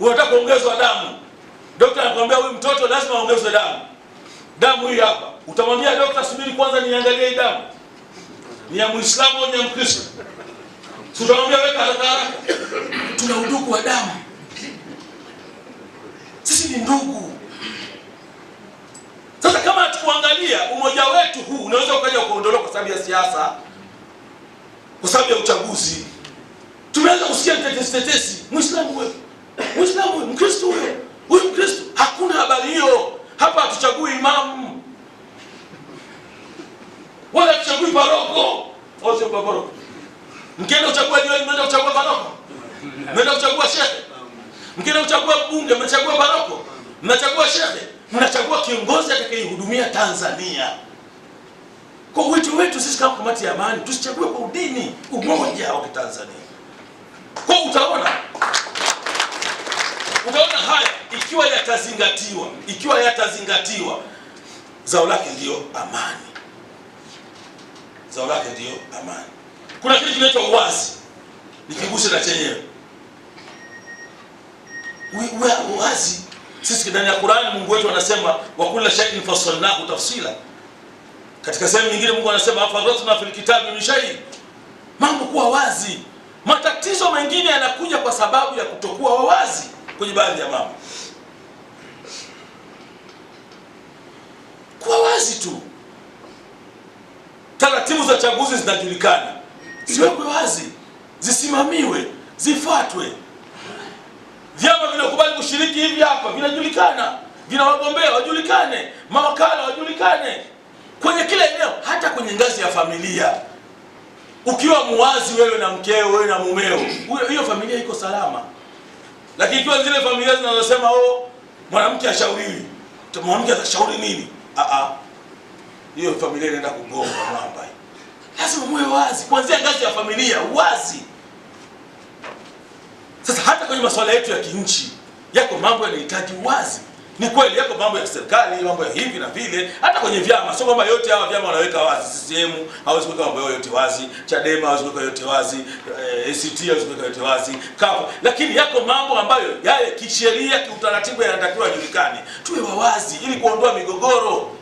unataka kuongezwa damu, daktari anakuambia huyu mtoto lazima aongezwe damu, damu hii hapa. Utamwambia daktari, subiri kwanza niangalie hii damu ni ya Muislamu au ni ya Mkristo? Si weka haraka haraka. Tuna udugu wa damu, sisi ni ndugu. Sasa kama tukuangalia umoja wetu huu, unaweza ukaja kuondolewa kwa sababu ya siasa, kwa sababu ya uchaguzi. Tumeanza kusikia tetesi tetesi, Muislamu wewe Muislamu huyu Mkristo huyu huyu Mkristo, hakuna habari hiyo hapa. Hatuchagui imamu wala tuchagui paroko, oh, paroko. Mkienda kuchagua jioni, mnaenda kuchagua paroko, mnaenda kuchagua shehe. Mkienda kuchagua bunge, mnachagua paroko, mnachagua shehe, mnachagua kiongozi atakayehudumia Tanzania. Kwa wito wetu sisi kama kamati ya amani, tusichague kwa udini, umoja wa Kitanzania. yatazingatiwa, ikiwa yatazingatiwa, zao lake ndiyo amani, zao lake ndiyo amani. Kuna kitu kinaitwa uwazi, nikiguse na chenyewe uwazi. Sisi ndani ya Qur'ani Mungu wetu anasema wa kullu shay'in fassalnahu tafsila. Katika sehemu nyingine Mungu anasema afaratna fil kitabi min shay'in, mambo kuwa wazi. Matatizo mengine yanakuja kwa sababu ya kutokuwa wazi kwenye baadhi ya mambo. kiasi tu, taratibu za chaguzi zinajulikana, ziwekwe wazi, zisimamiwe, zifuatwe. Vyama vinakubali kushiriki hivi hapa vinajulikana, vina wagombea wajulikane, mawakala wajulikane, kwenye kila eneo, hata kwenye ngazi ya familia. Ukiwa muwazi wewe na mkeo, wewe na mumeo, hiyo familia iko salama. Lakini ikiwa zile familia zinazosema oh, mwanamke ashauriwi, mwanamke atashauri nini? A ah, a ah hiyo familia inaenda kugonga mwamba. Lazima muwe wazi kuanzia ngazi ya familia, wazi. Sasa hata kwenye masuala yetu ya kinchi yako mambo yanahitaji wazi. Ni kweli yako mambo ya serikali, mambo ya hivi na vile, hata kwenye vyama. Sio kwamba yote hawa vyama wanaweka wazi. CCM hawezi kuweka mambo yote wazi, Chadema hawezi kuweka yote wazi, e, ACT hawezi kuweka yote wazi, kapo. Lakini yako mambo ambayo yale kisheria, kiutaratibu yanatakiwa yajulikane, tuwe wawazi ili kuondoa migogoro.